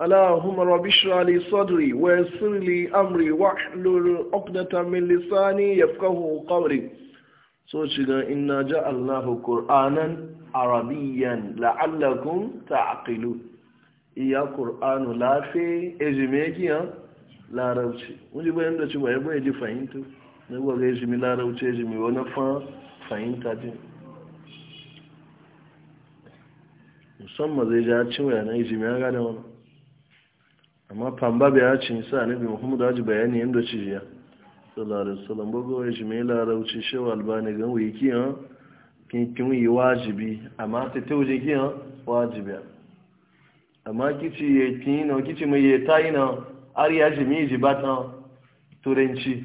اللهم رب اشرح لي صدري ويسر لي امري واحلل عقدة من لساني يفقهوا قولي سوشنا إنا جعلناه قرآنا عربيا لعلكم تعقلون iya ƙur'anu lafe ejimegiya larauci wani bayan da cewa ya bai ji fahimta na gwaga ejimi larauci ejimi wani fa fahimta din musamman zai ja cewa na ejimi ya gane wani amma famba bai ya cin sa nabi muhammadu haji bayani yadda ci ya sallallahu wasallam bugu ya shi mai larauci shewa albani gan wuyi kiyan kinkin yi wajibi amma ta tauje kiyan wajibi amma kici ya kina kici mai ya ta ina har ya ji miji ba ta turanci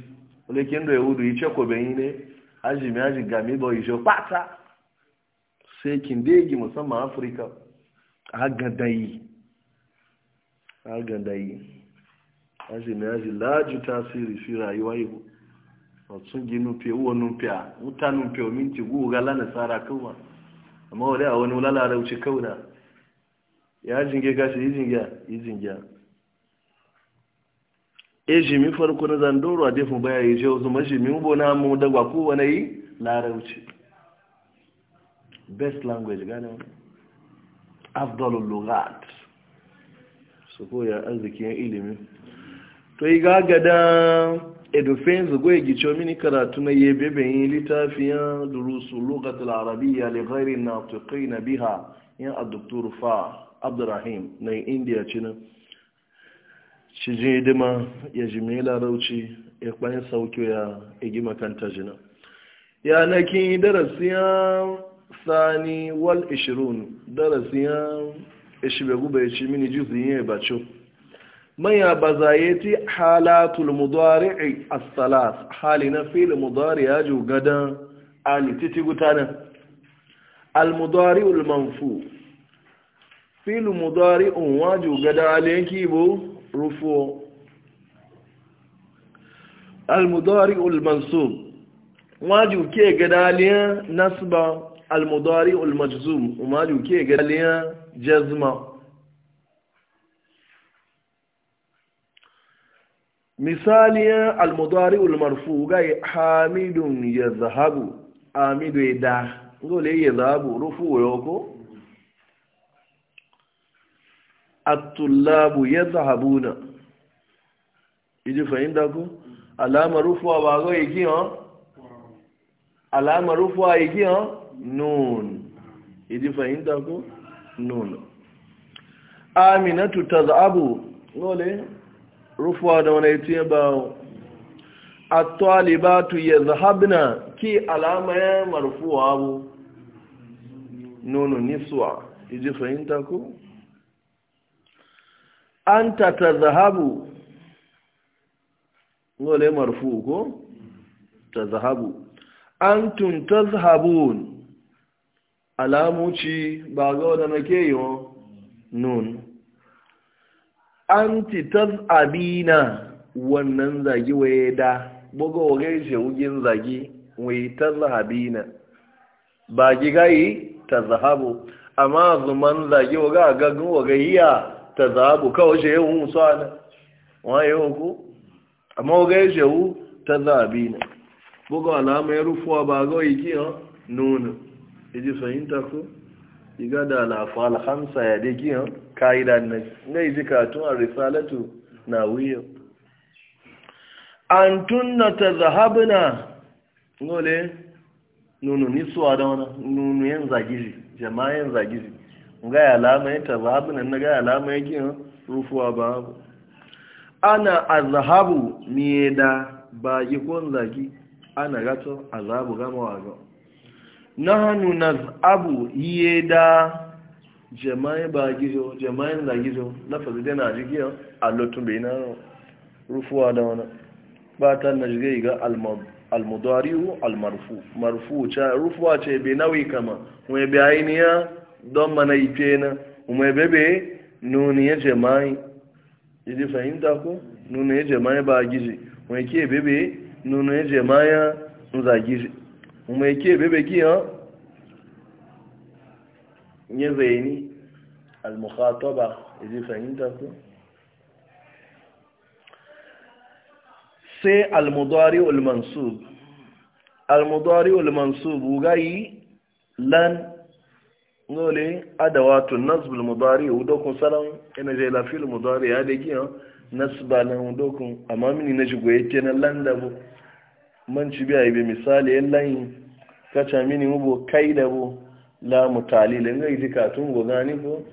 walakin da yahudu yi ce ko bayi ne haji mai haji gami ba yi shi pata sai kin degi musamman afirka a gaddayi agadayi azumi aji laju tasiri fi rayuwa ibu otun gi nupe uwo nupe a wuta nupe o minti gu ga lana sara kawa amma wale a wani wula wulala rauci kauna ya jinge gashi yi jingiya yi jingiya e jimi farko na zandoro a defin baya yi je wasu majimi mu bona mu dagwa kowane yi larauci best language gane afdalul lugat su koya arzikin ilimi to yi gagada edufin zugo gicho mini karatu na yi bebeyin littafiyan durusu lokacin arabiya da gari na tukai na biha yin abduktur fa abdurrahim na indiya cinin cijin hidima ya ji mai larauci ya kwanin sauki ya igi makanta jina yanakin darasiyan sani wal ishirun darasiyan ishi bai guba ya ci mini juzin ya bacho manya ba zayeti halatul mudari'i as-salas hali na fil mudari ya ju gadan ali titi gutana al mudari'u al manfu fil mudari'u waju gadan ali yanki bo rufu al mudari'u al mansub waju ke gadan ali nasba al mudari'u al majzum waju ke gada ali jazma misaliyan almudari ulmarfu ga hamidun ya zahabu amidu ya da gole ya zahabu rufu yoko atullabu ya zahabuna iji fahimta ku alama rufuwa ba ga iki han alama rufuwa iki han nun iji fahimta ku nun amina tadhabu ngole rufuwa da wani itiye ba at yadhhabna ki alama ya marfuwa abu nunu niswa iji fahimta anta tadhhabu ngole marfu ko tadhhabu antum tadhhabun alamuci ba ga wadda na ke yiwu nun an titan abina wannan zagi waye da buga wagai shawugin zagi wai tazabina zahabina ba yi ta zahabu amma zuman zagi waga a gaggun wagayya ta zahabu kawai shi yawon musu ana waye ku amma wagai shawu ta zahabina buga alamun ya rufuwa ba ga wai kiyan nuna iji fahimta ko iga da alafal khamsa ya de giyan ka'ida na ngai zikatun ar-risalatu nawiyo antunna tadhhabna ngole nunu niswa da wana nunu yan zagiri jama'a yan zagiri ga alama ya tadhhabna na ga alama ya rufu rufuwa babu ana azhabu mieda ba yikon zagi ana gato azabu gama wa nahanu naz'abu iye da jama'in ba gizo jama'in za gizo na faside na a allotun bai na rufuwa da wani ba ta na jigai ga almudariyu almarfu marfu ce rufuwa ce bai nawi kama wai bai ainiya don mana ife na umar bebe nuni ya jama'in idi fahimta ku nuni ya jama'in ba gizi wai ke bebe nuni ya jama'in za gizi mai ke bebe giyan ya zaini al-mukhataba izi fahimta ku sai al-mudari ul-mansub al-mudari ul-mansub gayi lan nole adawatun nasb al-mudari udokun salam ina je la fil mudari ya de giyan nasba lan udokun amma mini na jigo yake na lan da bu man ci biya ibe misali yan layin kacha mini mubo kai da bu la mutali lan ngai ji katun go gani ko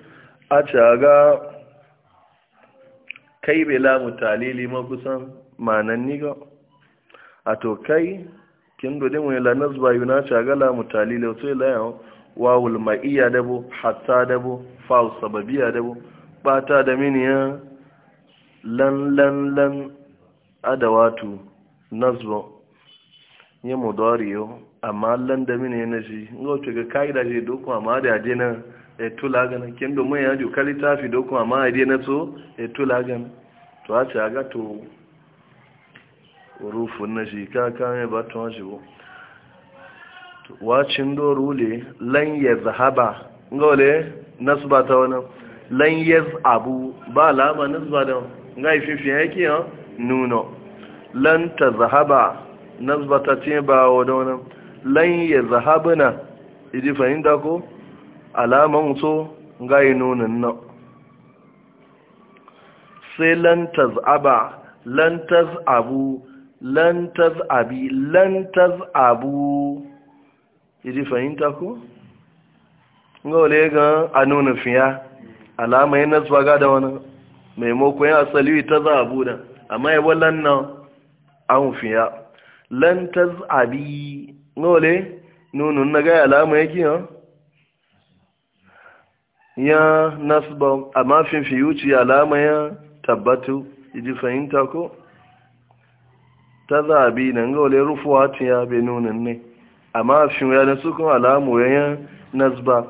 a ca ga kai be la mutali li ma kusan manan ni ga a to kai kin do demu la nazba yuna ca ga la mutali le to la yawo wawul ma'iya da bu hatta da bu fa sababiya da bu bata da mini ya lan lan lan adawatu nazba nye mudariyo amma lan da mine na shi ngo ce ga kaida shi doku amma da je na e tula gana kin do mai yaju kalita fi doku amma da na so e tula gana to a ce aga to rufun na shi ka ka mai ba to shi bu wacin do rule lan wale nasu ba ta wani lan abu ba alama nasu ba da ngai fifi yake ha nuno lan ta zahaba. nasbata ce ba wa wani lan ya zahabina idi fahimta ko alaman so gayi nunin na sai lantaz aba lantaz abu lantaz abi lantaz abu iji fahimta ko ga wale ga a nunin fiya alama yin nasba ga da wani maimakon ya asali ta zabu da amma ya wallon nan an fiya lan taz'abi nole nunun na gaya alama yake ha ya nasba amma fin fiyuci alama ya tabbatu iji fahimta ko tazabi nan gole rufuwa ya be nunun ne amma fin ya nasu kun alamu ya nasba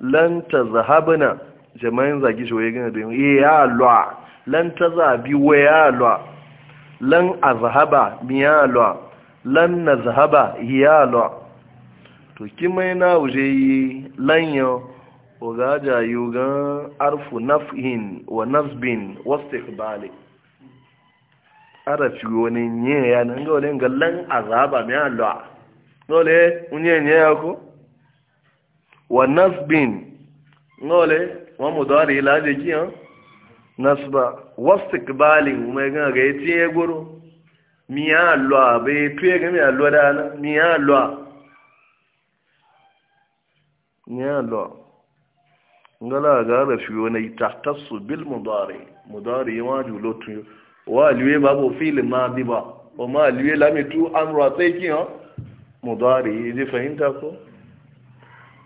lan tazhabna jama'in zagi shi waye gana da eh, ya alwa lan tazabi wa ya alwa lan azhaba mi ya alwa lan na zahaba hiyalo to kimai na wuje yi lanyo ogaja yi arfu naf'in wa nasbin wastikbali arafi wani nye ya nan ga wani ga lan azaba mai alo dole unye nye ya ko wa nasbin dole wa mudari ila da kiyan nasba wastikbali mai gan ga yi tiye goro miya ya lo abe tuye ga mi ya lo da na miya ya lo mi ya lo ngala ga da fi wani tahtassu bil mudari mudari wa julo tu wa liwe babu fil madi ba wa ma liwe lami tu amra sai ki ha mudari ji fahimta ko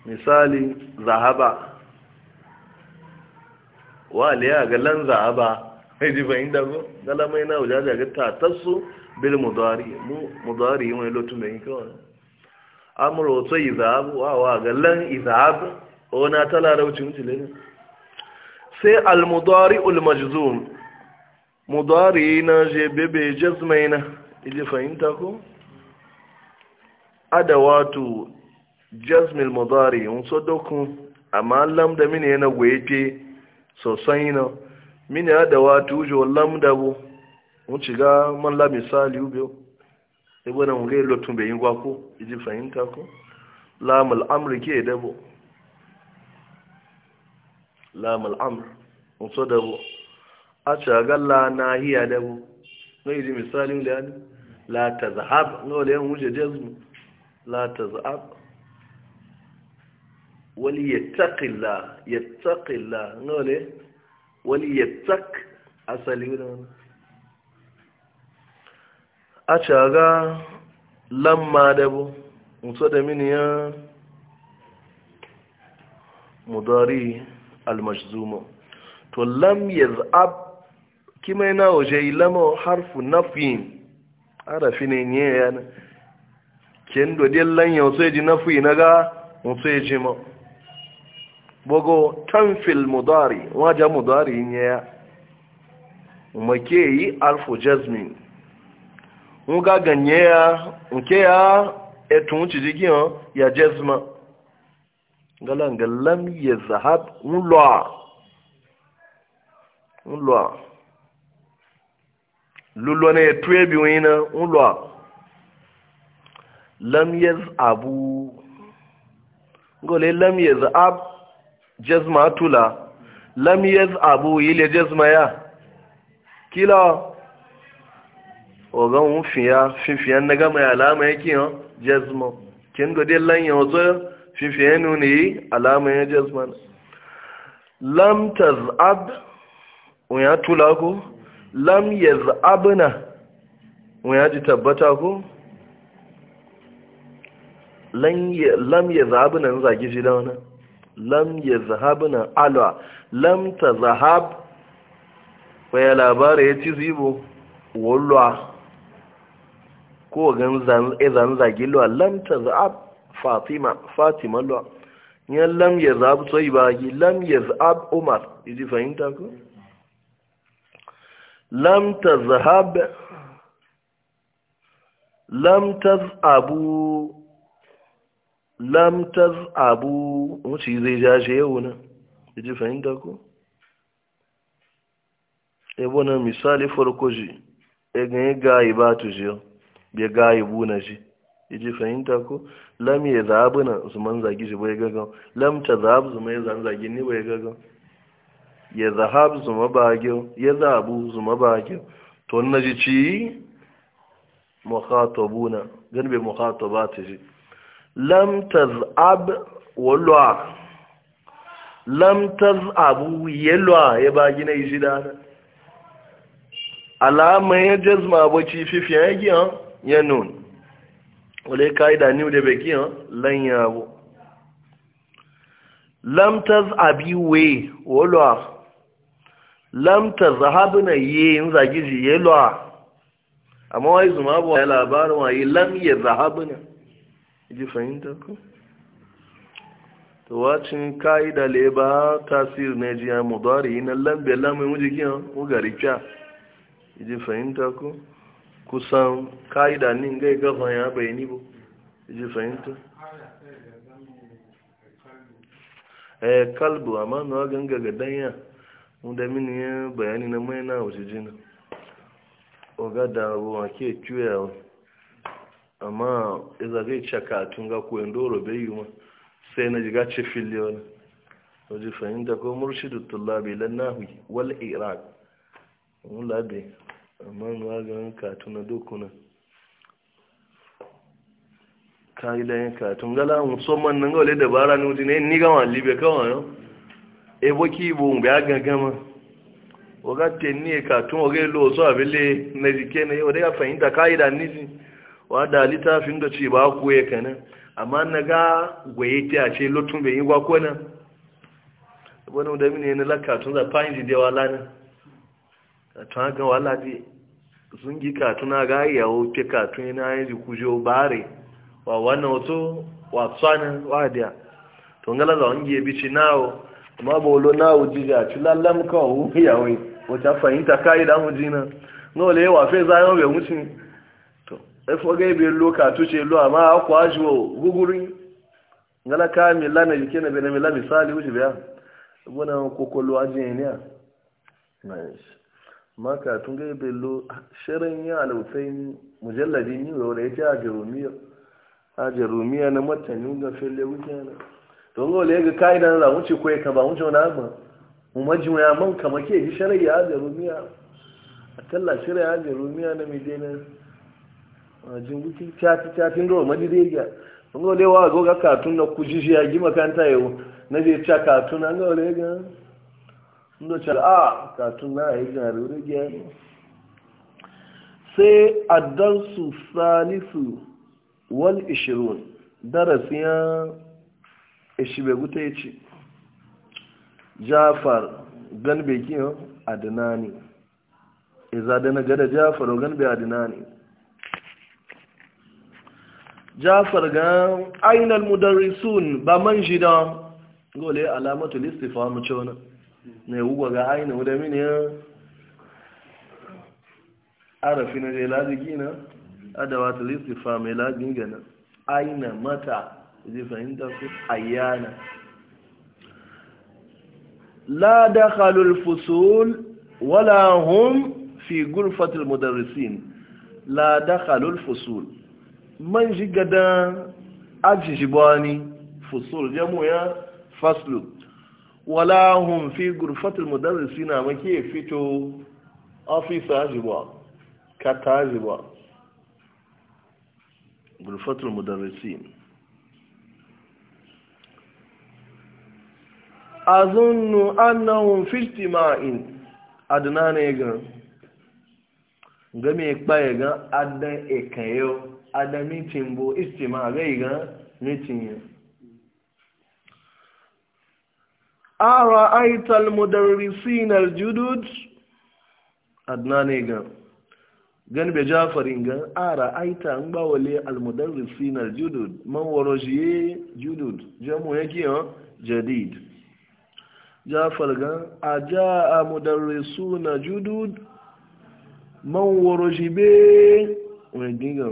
misali zahaba wa liya ga lan zahaba ji fahimta ko ngala mai na wuja ga tahtassu bil mudari mu mudari wani lotu mai kawai amuru wato izahabu wawa ga lan izahabu ona ta larauci mutile ne sai al-mudari ul-majzum mudari na je bebe jazmai na ili fahimta ko adawatu jazmil mudari un so dokun amma lamda mini yana gwefe sosai na mini adawatu jo lamda bu ti ga malla misali ubiyo ibo na ngai ko iji fahimta ko lamul amri ke dabo lamul amr so a ce ga la nahiya dabo ngai ji misali da ni la tazhab no le wuce jazmu la tazhab wali yattaqilla yattaqilla no le wali yattaq asali a caga lamma da bu mutu da miniya mudari almajzuma to lam yaz'ab kima yana waje lamma harfu nafin arafi ne ne na ken do dillan yau sai ji nafi na ga mutu ya ji ma bogo tanfil mudari wajen mudari ne ya make yi alfu jazmin nga ganye ya nke ya etun cijigi hàn ya jezma ngala nga lam ya zahab nlọ a nlọ a lulọ na etu ebi wọnyi na nlọ a lam ya zahabu ngole lam ya zahab jezma tula lam ya zahabu ile jezma ya kila ogan fiya fifiyan na gama alama yake yan jazma kin gode lan ya wato fifiyan nuna yi alama ya jazma lam tazab unya tula ko lam yazabna unya ji tabbata ko lam yazabna zaki shi da wannan lam yazhabna ala lam tazahab waya labara ya ci zibo wallah ko gan zan e zage lo lam ta za'ab fatima fatima lo ya lam ya za'ab sai ba gi lam ya za'ab umar idi fahimta ko lam ta zahab lam ta abu lam ta za'abu ci zai jashe yau na idi fahimta ko ebo na misali farko ji egan ga ibatu jiyo bai gayi buna shi Iji fahimta ko lam ya zaɓi na su man zagi shi bai gagan lam ta zaɓi su mai zan zagi ni bai gagan ya zahab su mabagin ya zaɓu su mabagin to na ji ci mukhatabuna gan bai mukhatabata shi lam ta zaɓi walwa lam tazabu yelwa ya ba gina yi shida na alama ya jazma ci fifiyan yagi ha ya nun wale ka'ida ni da baki yan lan lamtas lam taz'abi we wala lam tazhabna ye in zagi ji ye lo amma wai zuma ba ya labarin wai lam ya zahabna ji fahimta ko to wacin ka'ida le ba tasir ne ji ya na lambe be lam mu e ji gari kya ji fahimta ko kusan ka'ida nin gai gafa ya bayani ba e, ji fahimta eh kalbu amma na ganga ga danya wanda mini ya bayani na mai na wasu jina oga da ruwa ke cuyawa amma iza gai caka tun ga koyon doro bai yi ma sai na jiga ce filiyon wajen fahimta ko murshidu tullabi lannahu wal iraq wula bai amma nwa ga dukuna dokuna kayi da yin katun gala musamman nan gole dabara ni wuce ne ni gama libe kawai yau e ebo ki bo ngbe agagama oga tenni e katun oga e lo so abele na jike na yau daga fahimta kayi da nisi wa da littafin da ce ba ku ya kana amma na ga gwaye ta ce lotun bai yi gwakona wani da mini ne na lakatun za fahimta da yawa lana katun ga wala ji sun gi katuna ga yawo ke katun na yi kujo bare wa wannan wato wa tsana wa to ngala za wangi bici nawo amma bolo nawo jiga ci lallam ka hu yawo wata fahimta kai da mujina ngole wa fe za yawo be mutin to e fo ga be lo katu ce lo amma akwa jiwo guguri ngala ka mi lana jike na be na mi la misali wuce biya bona kokolo ajin ne nice maka tun gai bello shirin ya alautai mujalladi ni wa wadda ya ce a jarumiya a jarumiya na matani ga fele wuce na don ga wale ga ka'ida na wuce kwaye ka ba wuce wani agba umar jimuya man kama ke ji shirin ya jarumiya a talla shirin ya jarumiya na mai dena a jinguki cati catin dai madidaiya don ga wale wa ga katun na kujishi ya gima kanta yau na je ca katun an ga wale ga ndocal a ah, katun na yi garuru gyan sai addansu salisu wal ishirun darasiyan ishibegute ya ce jafar ganbe kiyan adinani izada e na gada jafar ganbe adinani jafar ga ainihin mudarrisun ba man jidan gole alamatu listi mu ce wani na yi wuwa ga aina wadda mini ya arafi na zai laji gina adawa ta listifa mai lajin gana aina mata zai fahimta su ayyana la da halul fusul wala hum fi gurfatul mudarrisin la da halul fusul man shiga da ajin shi bani fusul jamu ya faslu wala hun fi gurfatul mudarrisina maki fito ofisa jibwa kata jibwa gurfatul mudarrisin azunnu annahum fi ijtima'in adna ne ga game kpaye ga adan ekayo adamin bo ijtima'a ga ga mitin أرأيت المدرسين الجدد أدنان إيغان gan be jafarin ga ara aita an ba wale almudarrisin aljudud man warajiye judud jamu yake ha jadid jafar ga ajaa mudarrisuna judud man warajibe wadiga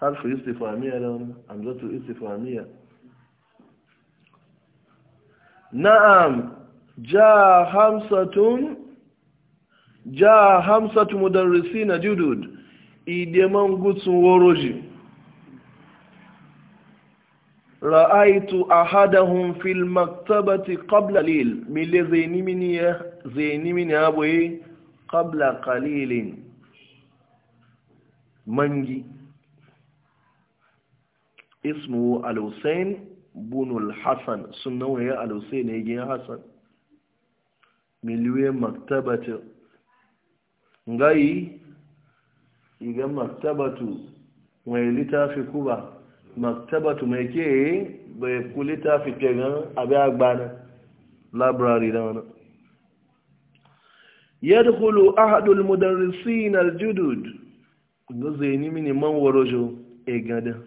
harfu istifamiya da hamzatu istifamiya na'am ja hamsatun ja hamsatu mudarrisi na judud ideman gutsun woroji ra'aitu ahadahum fil maktabati qabla lil mille zaini mini qabla qalilin mangi ismu al-husayn bunul hassan sun nauye alusai na gina hassan miliyoyin maktabatu ngayi iga maktabatu mai littafi kuba maktabatu mai ke bai ku littafi kegan abi agbana labrari da wani yadkhulu ahadul mudarrisin aljudud ga zai ni mini man warojo e gadan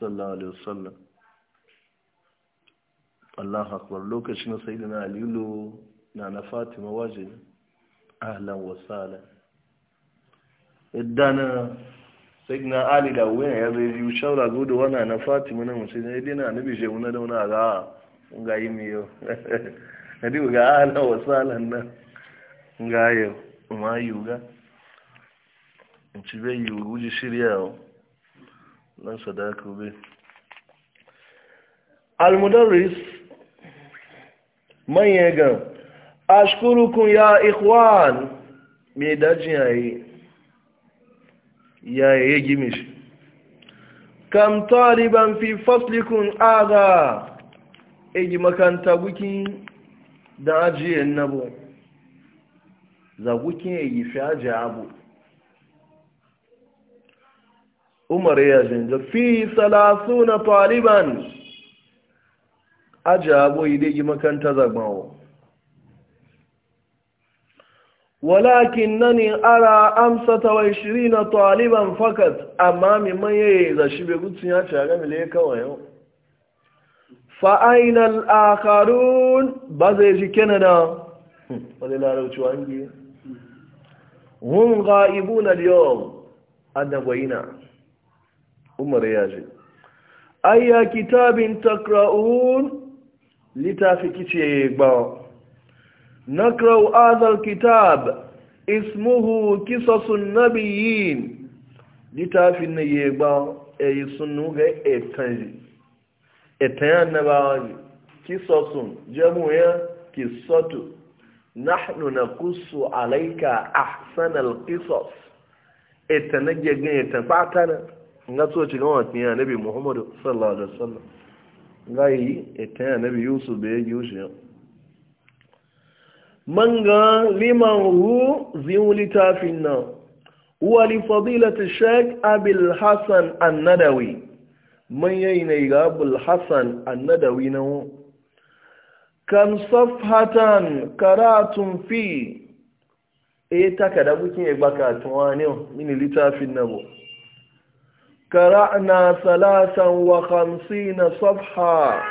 sallallahu alaihi wasallam Allahu akbar lokacin sayyidina Ali lo na na Fatima waje ahlan wa sala idan sayyidina Ali da wani ya zai yi shawara go da wannan na Fatima nan sai ne dai na annabi je wannan da wannan ga ga yi miyo nadi ga ahlan wa sala nan ga yau ma yuga in ci bai yugu ji shirya yau nan sadaku be almudarris manye ga ashkurukum ya ikhwan me dajin yayi yayi gimish kam taliban fi faslikum aga eji makanta gukin da ajiye nabo za gukin eji fi ajiye abu umar ya jinga fi salasu na taliban aji abu idegi makanta zagbawo walakin nani ara amsa amsata wa na taliban fakat amma mimman ya yi zashi bai gutsun ya ce a gami laye kawai yau fa'ainal akarun ba zai ji canada wani larauci wangi hun ga ibu na liyon annagwaina umar ya je ayya kitabin takra'un littafi kice gbawa nakra'u azal kitab ismuhu kisasun yin, littafin na yi gbawa eyi sunu ga etanji etayan na bawa kisasun ya kisatu nahnu kusu alaika ahsanal qisas etanage gan etafata nga tso ci gama tin ya nabi muhammad sallallahu alaihi wasallam nga yi etan ya nabi yusuf be yi shi manga liman hu ziuli tafin na wa li fadilati sheikh abil hasan an-nadawi man yayi ne ga abul hasan an-nadawi na kam safhatan karatun fi e takada bukin e gbaka tun wa ne mini litafin na bo قرأنا ثلاثا وخمسين صفحة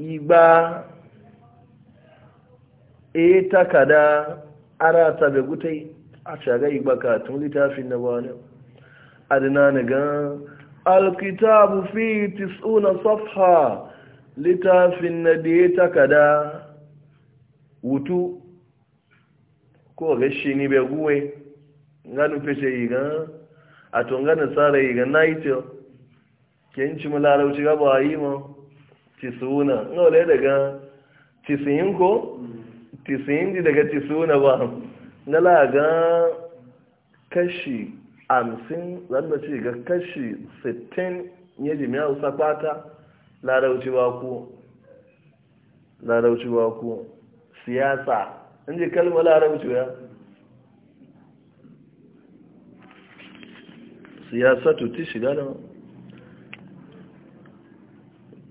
إبا إتكدا كدا أرى تبقتي أشاقا إبا كاتم لتافي النبالي أدنا نقا الكتاب فيه تسعون صفحة لتافي النديتا إتكدا وتو كو gashi ni نغانو nganu pese a tunga tsara yi ga naito kenci mu larauci gaba a yi ma tisuna na wale daga tisiyin ko tisiyin di daga tisuna ba na laga kashi amsin zanda ce ga kashi 60 ya jimi a usa kwata larauci ba ku larauci ba ku siyasa in ji kalmar larauci ya siyasatu ti shiga da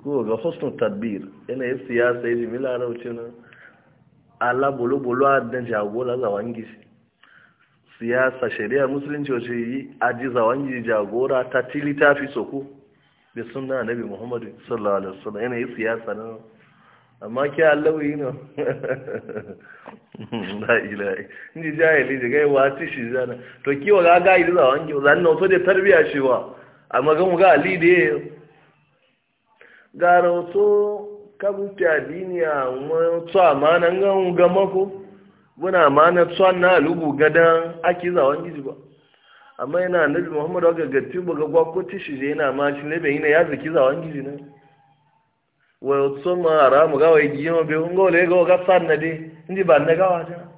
ko ga husnul tadbir yana yi siyasa yi jimila na wuce na ala bolo-bolo a dan jagola zawangi siyasa shari'a musulunci wace yi aji zawangi jagora ta tilita fi soko da suna nabi muhammadu sallallahu alaihi wasallam yana yi siyasa na amma ke allawu yi nan la ilahi ni jahili da gai wati shi zana to kiwa ga ga ilu zawan ki zan no to da tarbiya shi wa amma ga mu ga ali de garo to kabu ta diniya mu to amana ga mu ga mako buna amana to na lugu gadan aki zawan ji ba amma yana nabi muhammadu ga gatti buga gwakwati shi yana ma shi ne bai yana ya zaki wange ji ne wayo tsoma aramu gawa igi ma be ngo le go ga sanna de ndi ba na gawa ta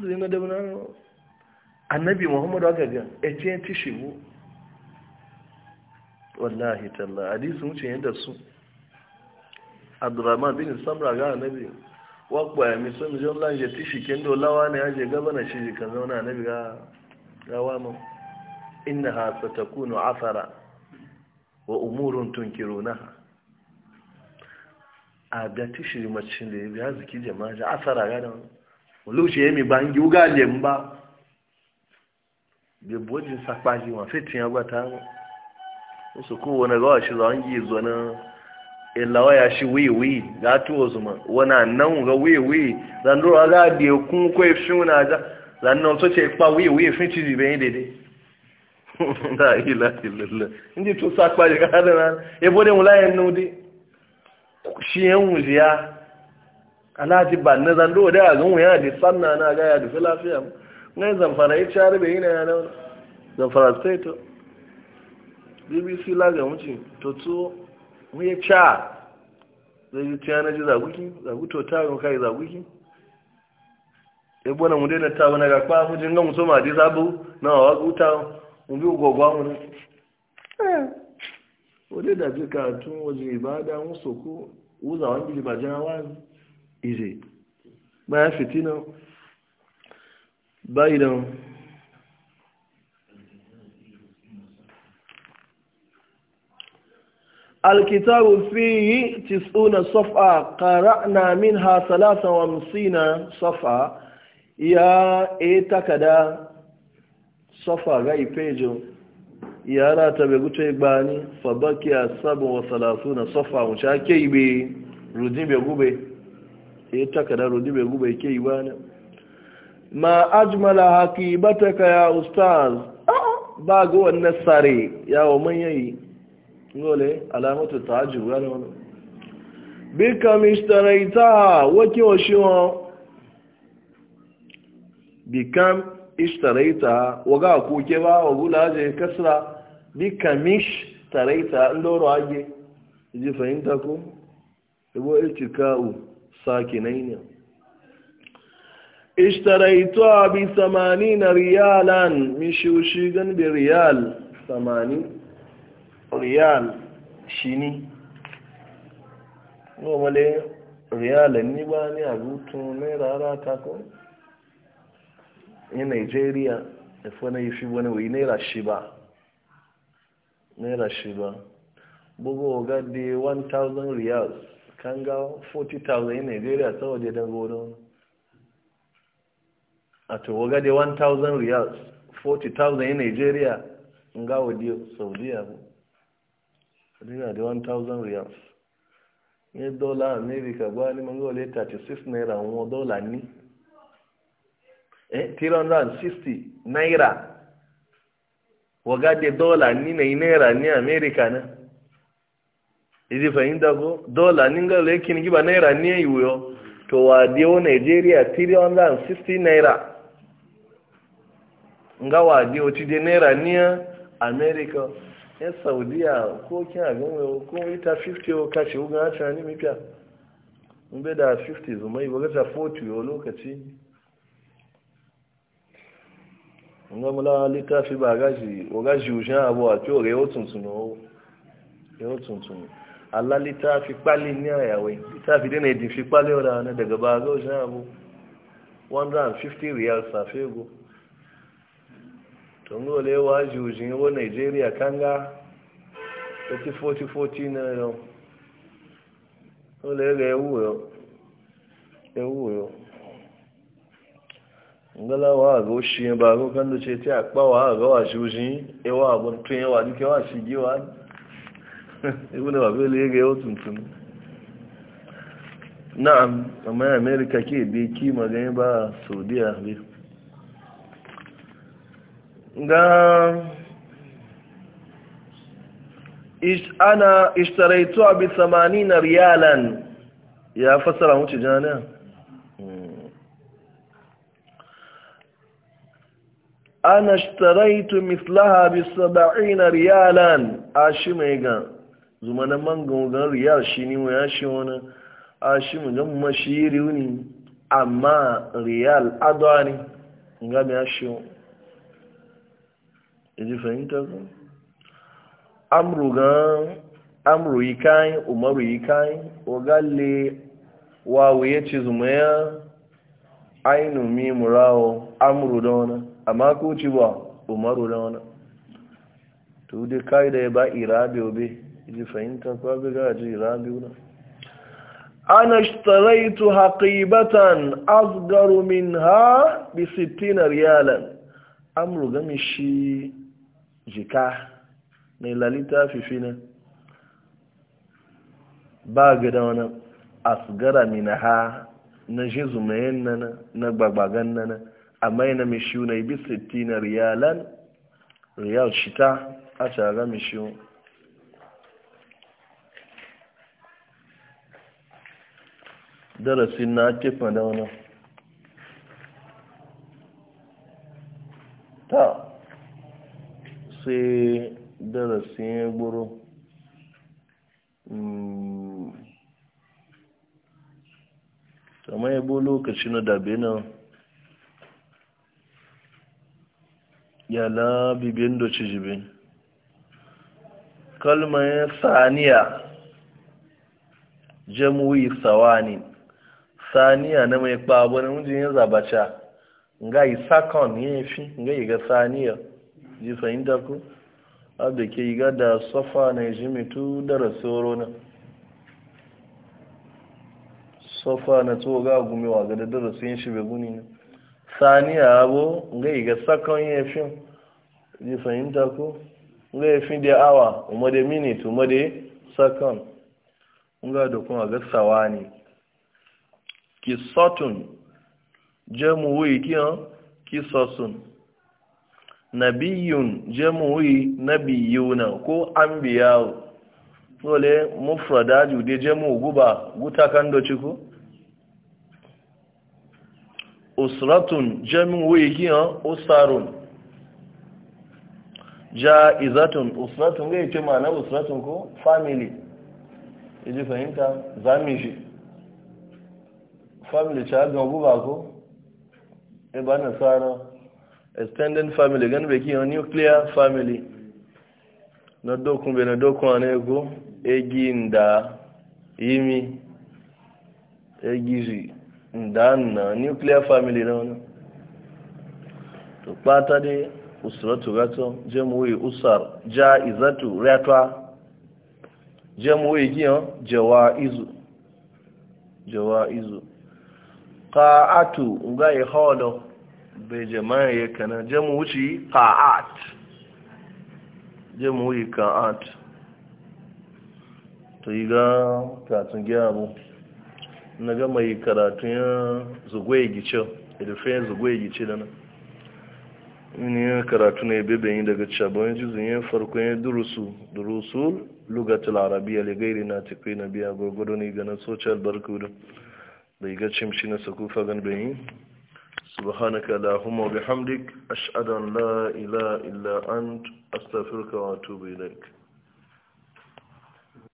zai na da annabi muhammadu aka ga e tishimu wallahi talla hadisi mu yadda yanda su abdurrahman bin samra ga annabi wakwa ya miso mi jon lanje ti shiken do lawa ne aje gaba na shi kan zauna annabi ga gawa mu innaha satakunu afara wa umurun tunkirunaha a tishiri macin da ya biya ziki jama'a ja asara ga nan olushi ya mi bangi uga le mba be bojin sakpaji wa fetin ya gwata musu ko wani gawa shi zangi zo na ilawa e ya shi wiwi ga tuwo zuma wana nan ga wiwi zandro aga de kun ko ifin na ja zannan so ce e pa wiwi fin ti di ben dede la ilaha illallah ndi to sakpaji ga da na e bode mulayen nudi shiyan wuziya alhaji ba na zando da a zunwu ya sanna na ga ya dufi na yi zamfara ya cari bai yi na yana wani zamfara state bbc laga wuce to tso mu ya ca zai yi tiya na ji zaguki zaguto ta yi kai zaguki ya bona mu daina ta wani ga kwa mu jingan mu so ma ji sabu na wa guta mu bi gwagwa mu ne wadda da fi katun waje ba da musu ku wuza wani ba jawa ije baya fitina bayi da الكتاب فيه تسعون صفحة ga yara ta bai gute gbani fabaki a sabon wasalasu na sofa wuce ake yi bai rudin bai gube ya takada rudin be gube ke yi ba ne ma ajmala haki bataka ya ustaz ba ga wannan sare yawon yi gole alamatu ta aji wani wani bi kamistaraita wake wa shi wọn bi kam ishtaraita waga kuke ba wa je kasra bi kamish taraita loro age ji fahimta ko ibo itikau sakinaina ishtaraita bi 80 riyalan mishushigan bi riyal 80 riyal shini male riyalan ni ba ni abutu ne rara ta ko in nigeria efe na ifi wani wai naira shiba naira shiba bugu oga di 1000 riyals kan ga 40,000 in nigeria ta waje da goro a to waga di 1000 riyals 40,000 in nigeria nga wadi saudi abu rina di 1000 riyals ni dola america gba ni 36 naira dola ni eh 360 naira wagade dola ni na naira ni america na izi fahimta ko dola ninga lekin giba naira ni yuyo to wa dio nigeria 360 naira nga wa dio ti naira ni america ya saudiya ko kina ganin ko ita 50 o kashi uga ta ni mipya mbe da 50 zumai ba 40 yo lokaci nga mula littafi ba gaji o gaji ushin abu a kyau yau tuntun o yau tuntun Allah littafi kpali ni ayawai littafi dai na yi dinfi kpali wadda na daga ba ga ushin abu 150 riyal safe go tun dole wa ji ushin yau nigeria kanga 30 na yau dole ga yau yau yau ngala wa go shi e ba go kan do che ti akpa wa go wa shi shi e wa go tun e wa ke wa shi ji wa e ne wa be le ge o tun tun na'am amma america ke bi ki ma ga ba saudi arabia nga is ana ishtaraitu bi 80 riyalan ya fasara mu ci jana a na shi shtaraitu mislaha bi saba'ina riyalan ashi mai ga zuma na man gangan riyal shi ne wani ashi wani a shi ga mashiri ne amma riyal adwa ne ga mai ashi wani ji fahimta ku amru ga yi kayan umaru yi kayan ogalle wa ya ce zuma ya ainu mi murawo amru da amma ko ci ba umaru na wani to dai kai da ya ba irabi obe ji fahimta ko abi ga ji irabi na ana ishtaraitu haqibatan asgaru minha bi 60 riyalan amru gami shi jika ne lalita fifina ba ga da wani asgara minha na jizumayen nana na gbagbagan nana maina yana na ibi sittina riyalan riyal shita a shaga mishiyun darasin na kefa da wani ta sai darasin ya gburu Ta hmm. ya bo lokaci na dabe nan yana bibin da ci jibe kalmar saniya jamuwi sawani saniya na mai kpabo na mijin ya zabaca nga yi sakon ya fi nga yi ga saniya ji fahimta ku abu ke yi da sofa na ji mitu da rasoro na sofa na tsoga gumewa ga da darasin shi bai guni sani abu ga iga sakon ya fi ji fahimta ku ga ya di awa kuma da minute kuma da sakon ga da ki ga sawa ne ki jamuwi kiyan kisosun nabiyun jamuwi nabiyuna ko an biyawo dole mufrada jude jamu guba guta kando do usratun jami'in wuyigi yan usarun ja izatun usratun ga yake ma na usratun ko family iji fahimta zami shi family ci hagan guba ko iba e nasara extended family gan beki yan nuclear family na dokun bai na dokun a na ego egi da yimi egi da na nuclear family na wani to kpata dai usuratu gato jemuwe usar ja izatu ratwa jemuwe giyan jawa izu ka izu qa'atu nga e holo be jama'a ye kana jamu wuci qa'at jamu yi qa'at to yiga ga katun na ga mai karatu ya zugwai gice ilifin ya gice da na yin karatu na ebe bayan daga cabon jizun yin farko ya durusu durusu lugatul arabiya ligairi na tafi na biya gwagwado ne ganin social barkudu da iga cimci na sakufa gan bayan سبحانك اللهم وبحمدك أشهد أن لا إله إلا أنت أستغفرك وأتوب إليك